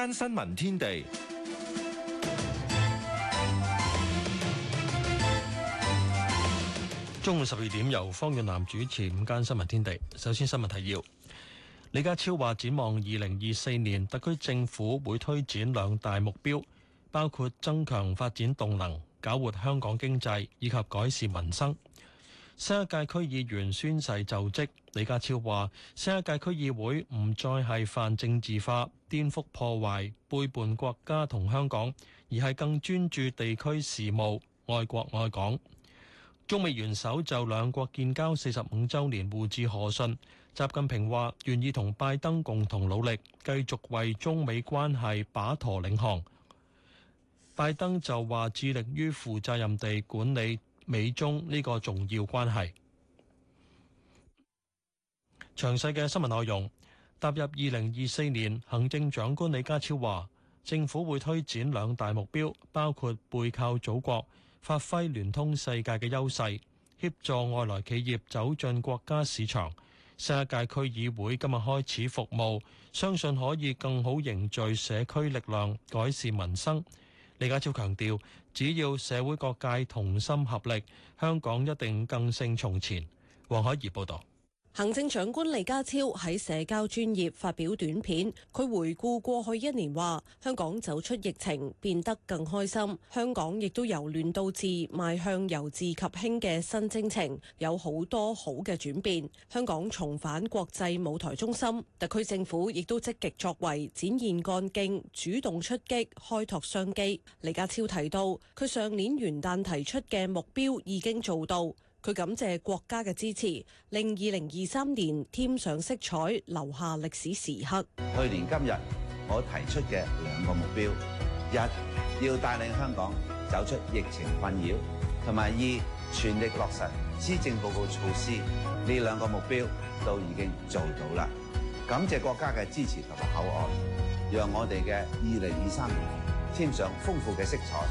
間新聞天地，中午十二點由方遠南主持午間新聞天地。首先新聞提要，李家超話展望二零二四年，特區政府會推展兩大目標，包括增強發展動能、搞活香港經濟以及改善民生。新一屆區議員宣誓就職，李家超話：新一屆區議會唔再係泛政治化、顛覆破壞、背叛國家同香港，而係更專注地區事務、愛國愛港。中美元首就兩國建交四十五週年互致賀信，習近平話願意同拜登共同努力，繼續為中美關係把舵領航。拜登就話致力於負責任地管理。美中呢個重要關係，詳細嘅新聞內容。踏入二零二四年，行政長官李家超話，政府會推展兩大目標，包括背靠祖國，發揮聯通世界嘅優勢，協助外來企業走進國家市場。新一屆區議會今日開始服務，相信可以更好凝聚社區力量，改善民生。李家超強調，只要社會各界同心合力，香港一定更勝從前。黃海怡報導。行政長官李家超喺社交專業發表短片，佢回顧過去一年話：香港走出疫情，變得更開心；香港亦都由亂到治，邁向由治及興嘅新征程，有好多好嘅轉變。香港重返國際舞台中心，特區政府亦都積極作為，展現幹勁，主動出擊，開拓商機。李家超提到，佢上年元旦提出嘅目標已經做到。佢感謝國家嘅支持，令二零二三年添上色彩，留下歷史時刻。去年今日我提出嘅兩個目標，一要帶領香港走出疫情困擾，同埋二全力落實施政報告措施。呢兩個目標都已經做到啦。感謝國家嘅支持同埋口岸，讓我哋嘅二零二三年添上豐富嘅色彩，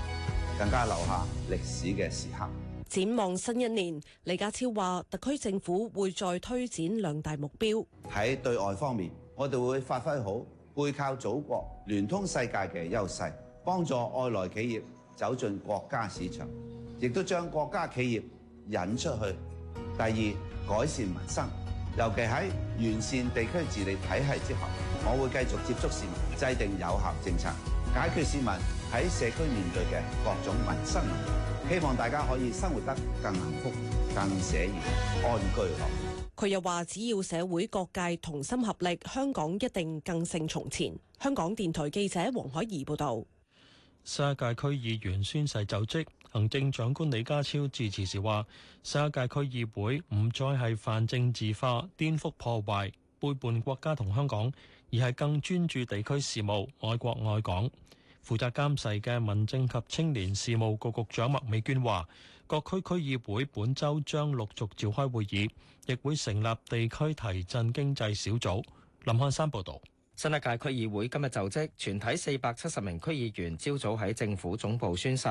更加留下歷史嘅時刻。展望新一年，李家超話特區政府會再推展兩大目標。喺對外方面，我哋會發揮好背靠祖國、聯通世界嘅優勢，幫助外來企業走進國家市場，亦都將國家企業引出去。第二，改善民生，尤其喺完善地區治理體系之後，我會繼續接觸市民，制定有效政策，解決市民喺社區面對嘅各種民生問題。希望大家可以生活得更幸福、更寫意、安居樂業。佢又話：只要社會各界同心合力，香港一定更勝從前。香港電台記者黃海怡報導。沙界區議員宣誓就職，行政長官李家超致辭時話：沙界區議會唔再係泛政治化、顛覆破壞、背叛國家同香港，而係更專注地區事務、愛國愛港。負責監誓嘅民政及青年事務局局長麥美娟話：各區區議會本周將陸續召開會議，亦會成立地區提振經濟小組。林漢山報道。新一屆區議會今日就職，全體四百七十名區議員朝早喺政府總部宣誓。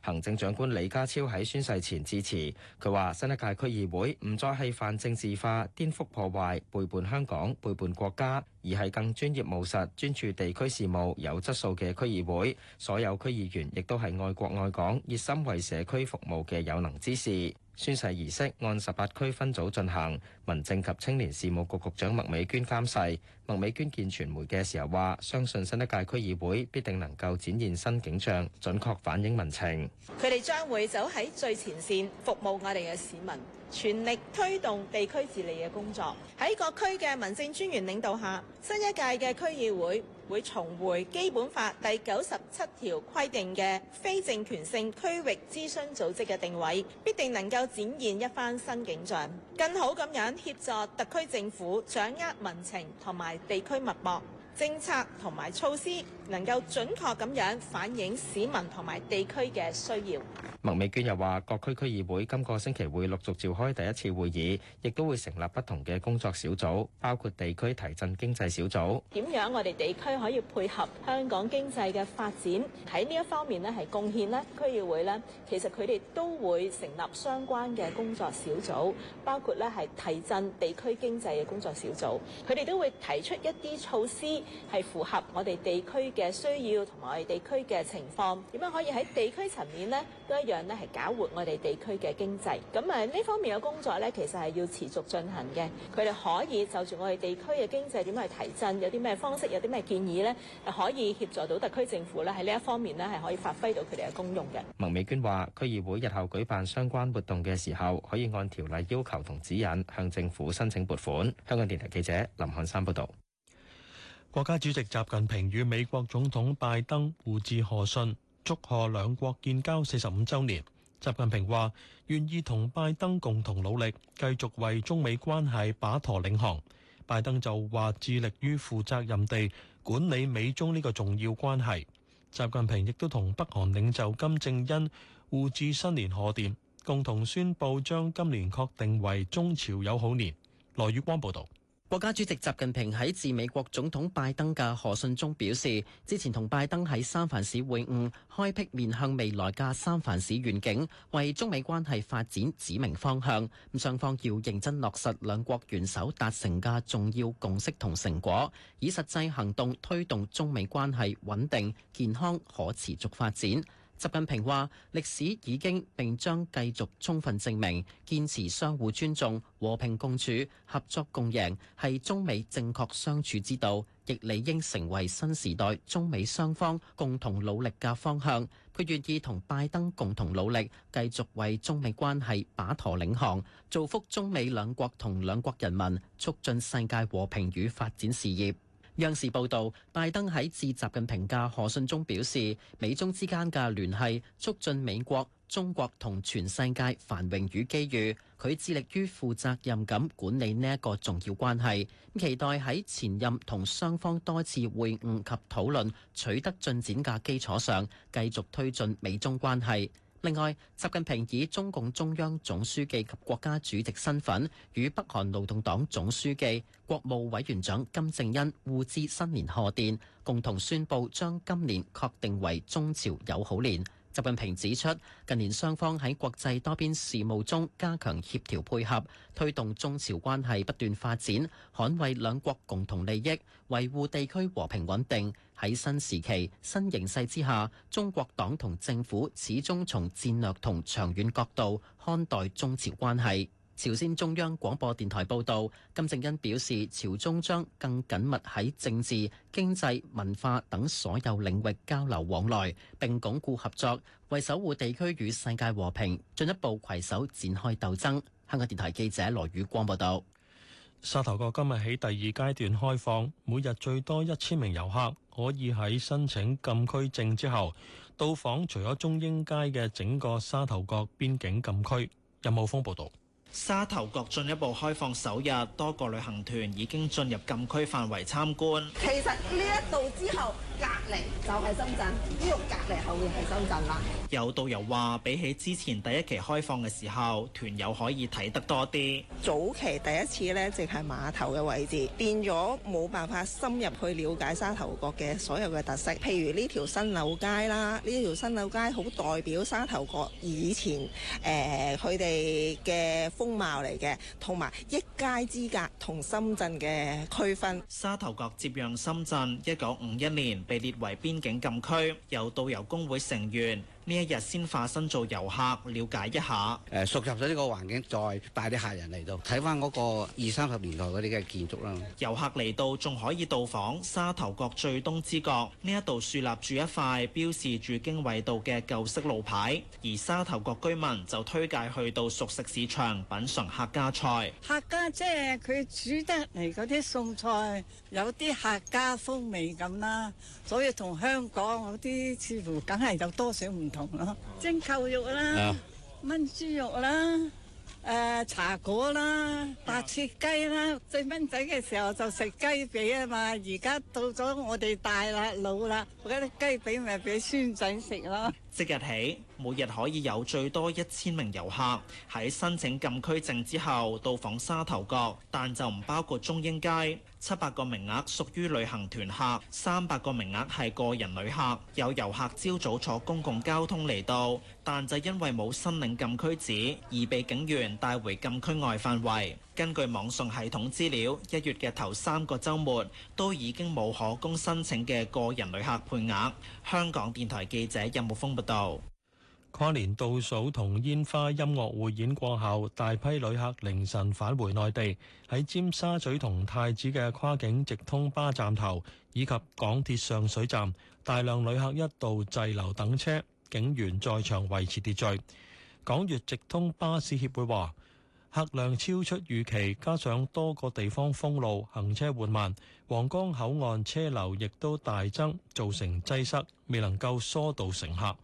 行政長官李家超喺宣誓前致辭，佢話新一屆區議會唔再係泛政治化、顛覆破壞、背叛香港、背叛國家，而係更專業務實、專注地區事務、有質素嘅區議會。所有區議員亦都係愛國愛港、熱心為社區服務嘅有能之士。宣誓儀式按十八區分組進行，民政及青年事務局局，局長麥美娟監誓。麥美娟見傳媒嘅時候話：相信新一屆區議會必定能夠展現新景象，準確反映民情。佢哋將會走喺最前線，服務我哋嘅市民，全力推動地區治理嘅工作。喺各區嘅民政專員領導下，新一屆嘅區議會會重回《基本法》第九十七條規定嘅非政權性區域諮詢組織嘅定位，必定能夠展現一番新景象，更好咁樣協助特區政府掌握民情同埋地區脈搏。政策同埋措施能夠準確咁樣反映市民同埋地區嘅需要。麥美娟又話：各區區議會今個星期會陸續召開第一次會議，亦都會成立不同嘅工作小組，包括地區提振經濟小組。點樣我哋地區可以配合香港經濟嘅發展，喺呢一方面咧，係貢獻咧，區議會咧，其實佢哋都會成立相關嘅工作小組，包括咧係提振地區經濟嘅工作小組，佢哋都會提出一啲措施。係符合我哋地區嘅需要同埋我哋地區嘅情況，點樣可以喺地區層面呢，都一樣咧，係搞活我哋地區嘅經濟。咁呢方面嘅工作呢，其實係要持續進行嘅。佢哋可以就住我哋地區嘅經濟點樣去提振，有啲咩方式，有啲咩建議呢，可以協助到特區政府咧喺呢一方面呢，係可以發揮到佢哋嘅功用嘅。麥美娟話：區議會日後舉辦相關活動嘅時候，可以按條例要求同指引向政府申請撥款。香港電台記者林漢山報導。國家主席習近平與美國總統拜登互致賀信，祝賀兩國建交四十五週年。習近平話願意同拜登共同努力，繼續為中美關係把舵領航。拜登就話致力於負責任地管理美中呢個重要關係。習近平亦都同北韓領袖金正恩互致新年賀電，共同宣布將今年確定為中朝友好年。羅宇光報導。國家主席習近平喺致美國總統拜登嘅賀信中表示，之前同拜登喺三藩市會晤，開闢面向未來嘅三藩市願景，為中美關係發展指明方向。雙方要認真落實兩國元首達成嘅重要共識同成果，以實際行動推動中美關係穩定、健康、可持續發展。習近平話歷史已經並將繼續充分證明，堅持相互尊重、和平共處、合作共贏係中美正確相處之道，亦理應成為新時代中美雙方共同努力嘅方向。佢願意同拜登共同努力，繼續為中美關係把舵領航，造福中美兩國同兩國人民，促進世界和平與發展事業。央視報道，拜登喺致習近平嘅賀信中表示，美中之間嘅聯繫促進美國、中國同全世界繁榮與機遇。佢致力於負責任咁管理呢一個重要關係，期待喺前任同雙方多次會晤及討論取得進展嘅基礎上，繼續推進美中關係。另外，習近平以中共中央總書記及國家主席身份，與北韓勞動黨總書記、國務委員長金正恩互致新年賀電，共同宣布將今年確定為中朝友好年。習近平指出，近年雙方喺國際多邊事務中加強協調配合，推動中朝關係不斷發展，捍衛兩國共同利益，維護地區和平穩定。喺新時期、新形勢之下，中國黨同政府始終從戰略同長遠角度看待中朝關係。朝鮮中央廣播電台報道，金正恩表示，朝中將更緊密喺政治、經濟、文化等所有領域交流往來，並鞏固合作，為守護地區與世界和平，進一步攜手展開鬥爭。香港電台記者羅宇光報道。沙頭角今日起第二階段開放，每日最多一千名遊客可以喺申請禁區證之後到訪，除咗中英街嘅整個沙頭角邊境禁區。任浩峰報道。沙頭角進一步開放首日，多個旅行團已經進入禁區範圍參觀。其實呢一度之後，隔籬就係深圳，呢度隔籬後面係深圳啦。有導遊話，比起之前第一期開放嘅時候，團友可以睇得多啲。早期第一次呢，淨係碼頭嘅位置，變咗冇辦法深入去了解沙頭角嘅所有嘅特色，譬如呢條新樓街啦，呢條新樓街好代表沙頭角以前佢哋嘅。呃風貌嚟嘅，同埋一街之隔同深圳嘅區分。沙頭角接壤深圳，一九五一年被列為邊境禁區，由導遊工會成員。呢一日先化身做遊客，了解一下。誒，熟習咗呢個環境，再帶啲客人嚟到睇翻嗰個二三十年代嗰啲嘅建築啦。遊客嚟到仲可以到訪沙頭角最東之角，呢一度樹立住一塊標示住經緯度嘅舊式路牌。而沙頭角居民就推介去到熟食市場品嘗客家菜。客家即係佢煮得嚟嗰啲餸菜，有啲客家風味咁啦。所以同香港嗰啲似乎梗係有多少唔。同蒸扣肉啦，炆豬肉啦、呃，茶果啦，白切雞啦。細蚊仔嘅時候就食雞髀啊嘛，而家到咗我哋大啦老啦，嗰啲雞髀咪俾孫仔食咯。即日起，每日可以有最多一千名遊客喺申請禁區證之後到訪沙頭角，但就唔包括中英街。七百個名額屬於旅行團客，三百個名額係個人旅客。有遊客朝早坐公共交通嚟到，但就因為冇申領禁區紙，而被警員帶回禁區外範圍。根據網上系統資料，一月嘅頭三個週末都已經冇可供申請嘅個人旅客配額。香港電台記者任木峯報道。跨年倒數同煙花音樂匯演過後，大批旅客凌晨返回內地，喺尖沙咀同太子嘅跨境直通巴站頭以及港鐵上水站，大量旅客一度滯留等車，警員在場維持秩序。港粵直通巴士協會話：客量超出預期，加上多個地方封路，行車緩慢，皇崗口岸車流亦都大增，造成擠塞，未能夠疏導乘客。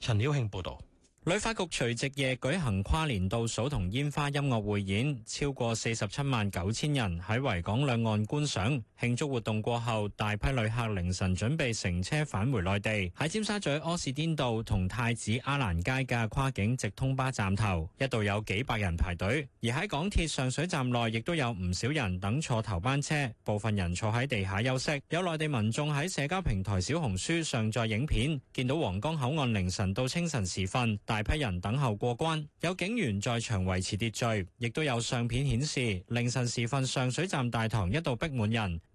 陳曉慶報道。旅發局除夕夜舉行跨年倒數同煙花音樂匯演，超過四十七萬九千人喺維港兩岸觀賞。慶祝活動過後，大批旅客凌晨準備乘車返回內地。喺尖沙咀柯士甸道同太子阿蘭街嘅跨境直通巴站頭，一度有幾百人排隊；而喺港鐵上水站內，亦都有唔少人等坐頭班車，部分人坐喺地下休息。有內地民眾喺社交平台小紅書上載影片，見到皇崗口岸凌晨到清晨時分。大批人等候過關，有警員在場維持秩序，亦都有相片顯示凌晨時分上水站大堂一度逼滿人。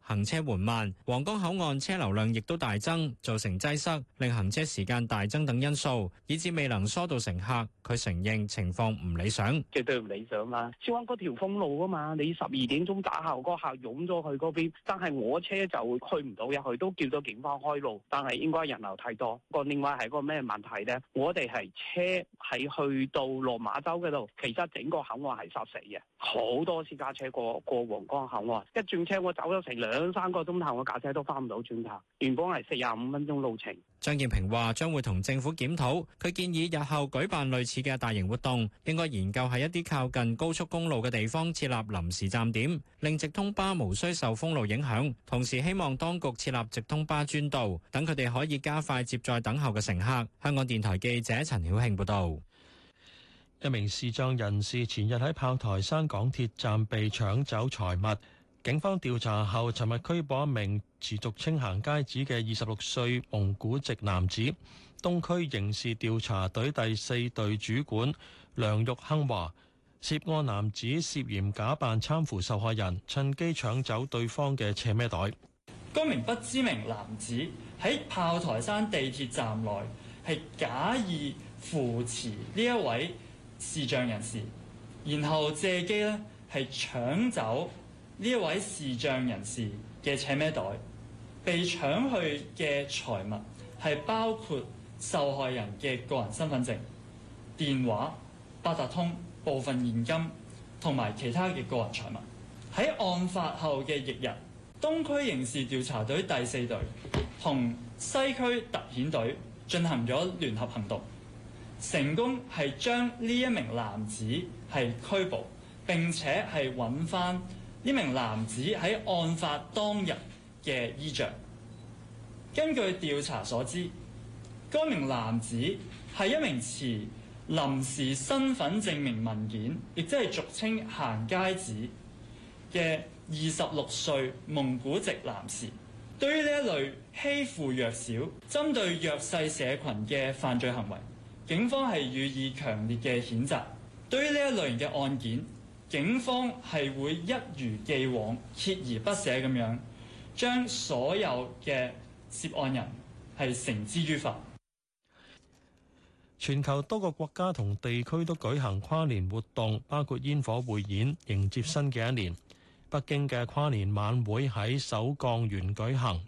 行車緩慢，皇崗口岸車流量亦都大增，造成擠塞，令行車時間大增等因素，以致未能疏導乘客。佢承認情況唔理想，絕對唔理想啊！燒響嗰條封路啊嘛，你十二點鐘打後，嗰客湧咗去嗰邊，但係我車就會去唔到入去，都叫咗警方開路，但係應該人流太多。個另外係個咩問題呢？我哋係車喺去到落馬洲嗰度，其實整個口岸係塞死嘅，好多私家車過過皇崗口岸，一轉車我走。都成兩三個鐘頭，我架車都翻唔到轉頭。原本係四十五分鐘路程。張建平話，將會同政府檢討。佢建議日後舉辦類似嘅大型活動，應該研究喺一啲靠近高速公路嘅地方設立臨時站點，令直通巴無需受封路影響。同時，希望當局設立直通巴專道，等佢哋可以加快接載等候嘅乘客。香港電台記者陳曉慶報道。一名視障人士前日喺炮台山港鐵站被搶走財物。警方調查後，尋日拘捕一名持續清行街紙嘅二十六歲蒙古籍男子。東區刑事調查隊第四隊主管梁玉亨話，涉案男子涉嫌假扮攙扶受害人，趁機搶走對方嘅斜孭袋。嗰名不知名男子喺炮台山地鐵站內係假意扶持呢一位視障人士，然後借機呢係搶走。呢位視障人士嘅扯咩袋被搶去嘅財物係包括受害人嘅個人身份證、電話、八達通、部分現金同埋其他嘅個人財物。喺案發後嘅翌日，東區刑事調查隊第四隊同西區特遣隊進行咗聯合行動，成功係將呢一名男子係拘捕，並且係揾翻。呢名男子喺案發當日嘅衣着，根據調查所知，該名男子係一名持臨時身份證明文件，亦即係俗稱行街子嘅二十六歲蒙古籍男士。對於呢一類欺負弱小、針對弱勢社群嘅犯罪行為，警方係予以強烈嘅譴責。對於呢一類型嘅案件，警方係會一如既往、鍥而不捨咁樣，將所有嘅涉案人係繩之於法。全球多個國家同地區都舉行跨年活動，包括煙火匯演，迎接新嘅一年。北京嘅跨年晚會喺首鋼園舉行。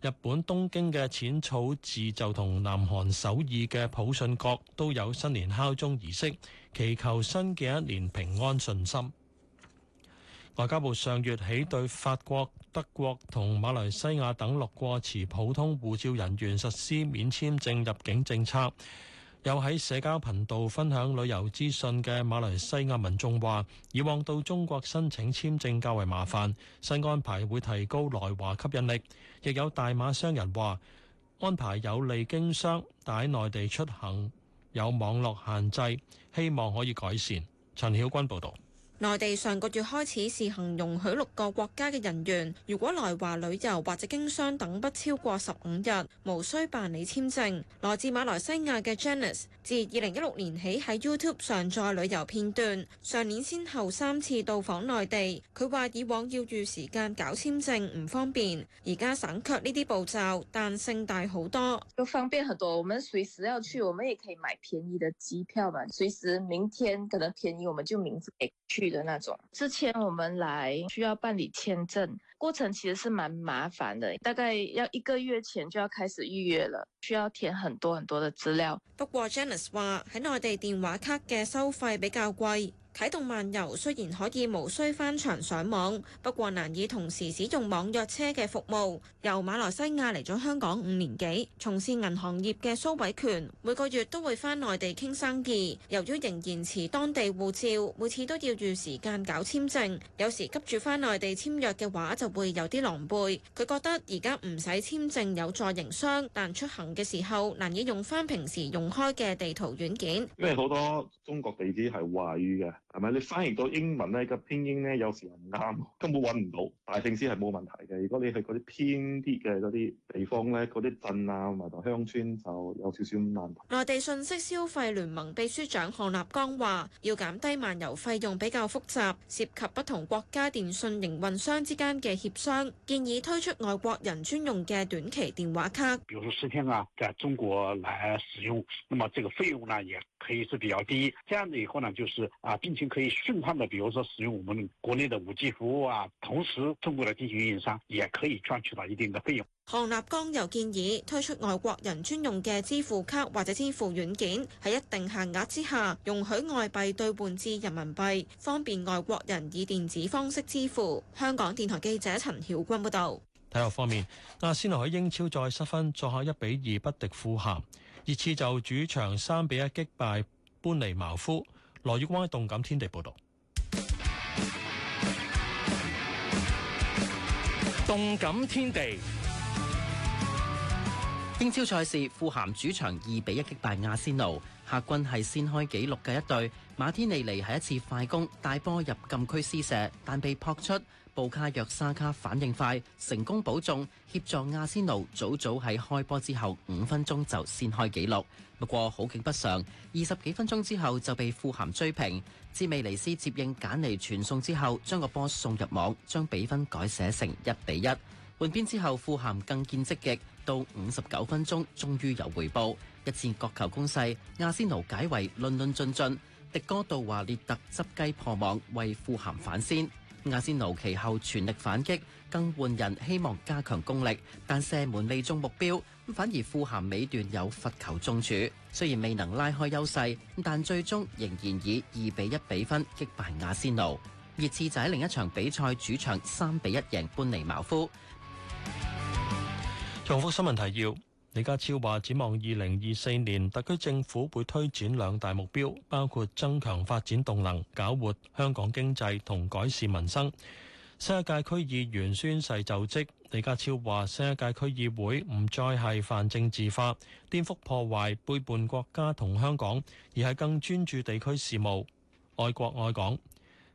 日本東京嘅淺草寺就同南韓首爾嘅普信閣都有新年敲鐘儀式，祈求新嘅一年平安順心。外交部上月起對法國、德國同馬來西亞等六國持普通護照人員實施免簽證入境政策。有喺社交頻道分享旅遊資訊嘅馬來西亞民眾話：以往到中國申請簽證較為麻煩，新安排會提高來華吸引力。亦有大馬商人話：安排有利經商，但喺內地出行有網絡限制，希望可以改善。陳曉君報導。內地上個月開始試行容許六個國家嘅人員，如果來華旅遊或者經商等不超過十五日，無需辦理簽證。來自馬來西亞嘅 Janice 自二零一六年起喺 YouTube 上載旅遊片段，上年先後三次到訪內地。佢話以往要預時間搞簽證唔方便，而家省卻呢啲步驟，彈性大好多。都方便很多，我們隨時要去，我們也可以買便宜的機票嘛。隨時明天可能便宜，我們就明天去。的那種，之前我們來需要辦理簽證，過程其實是蠻麻煩的，大概要一個月前就要開始預約了，需要填很多很多的資料。不過，Janice 話喺內地電話卡嘅收費比較貴。啟動漫遊雖然可以無需翻牆上網，不過難以同時使用網約車嘅服務。由馬來西亞嚟咗香港五年幾，從事銀行業嘅蘇偉權，每個月都會翻內地傾生意。由於仍然持當地護照，每次都要預時間搞簽證，有時急住翻內地簽約嘅話就會有啲狼狽。佢覺得而家唔使簽證有助營商，但出行嘅時候難以用翻平時用開嘅地圖軟件，因為好多中國地址係華語嘅。係咪你翻譯到英文咧？個拼音咧有時又唔啱，根本揾唔到。大城市係冇問題嘅，如果你去嗰啲偏啲嘅啲地方咧，嗰啲鎮啊同埋鄉村就有少少難。內地信息消費聯盟秘書長項立剛話：要減低漫遊費用比較複雜，涉及不同國家電信營運商之間嘅協商。建議推出外國人專用嘅短期電話卡。比如說，十天啊，在中國來使用，那麼這個費用呢，也。可以是比較低，這樣子以後呢，就是啊，病情可以順暢的，比如說使用我們國內的 5G 服務啊，同時通過的電信運營商也可以賺取到一定的費用。項立剛又建議推出外國人專用嘅支付卡或者支付軟件，喺一定限額之下，容許外幣兌換至人民幣，方便外國人以電子方式支付。香港電台記者陳曉君報道。體育方面，阿仙奴喺英超再失分，作客一比二不敵富咸。熱刺就主場三比一擊敗搬尼茅夫，羅宇光喺動感天地報道。動感天地英超賽事，富咸主場二比一擊敗亞仙奴，客軍係先開紀錄嘅一隊。馬天尼尼係一次快攻帶波入禁區施射，但被撲出。布卡約沙卡反應快，成功保中，協助阿仙奴早早喺開波之後五分鐘就先開紀錄。不過好景不常，二十幾分鐘之後就被富咸追平。至美尼斯接應簡尼傳送之後，將個波送入網，將比分改寫成一比一。換邊之後，富咸更見積極，到五十九分鐘終於有回報，一戰角球攻勢，阿仙奴解圍，論論盡盡，迪哥杜華列特執雞破網，為富咸反先。亞仙奴其後全力反擊，更換人希望加強攻力，但射門未中目標，反而富咸尾段有罰球中柱，雖然未能拉開優勢，但最終仍然以二比一比分擊敗亞仙奴。熱刺在另一場比賽主場三比一贏般尼茅夫。重複新聞提要。李家超話展望二零二四年，特區政府會推展兩大目標，包括增強發展動能、搞活香港經濟同改善民生。新一屆區議員宣誓就職，李家超話新一屆區議會唔再係泛政治化、顛覆破壞、背叛國家同香港，而係更專注地區事務，愛國愛港。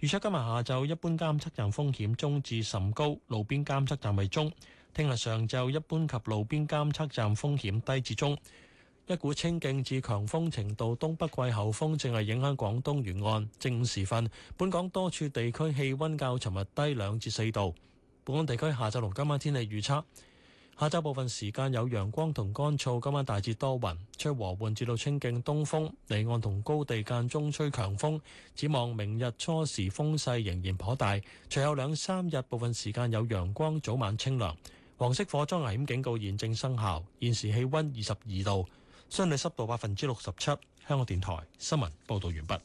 預測今日下晝一般監測站風險中至甚高，路邊監測站為中。聽日上晝一般及路邊監測站風險低至中。一股清勁至強風程度東北季候風正係影響廣東沿岸。正午時分，本港多處地區氣溫較尋日低兩至四度。本港地區下晝同今晚天氣預測。下晝部分時間有陽光同乾燥，今晚大致多雲，吹和緩至到清勁東風，離岸同高地間中吹強風。展望明日初時風勢仍然頗大，隨後兩三日部分時間有陽光，早晚清涼。黃色火災危險警告現正生效。現時氣温二十二度，相對濕度百分之六十七。香港電台新聞報導完畢。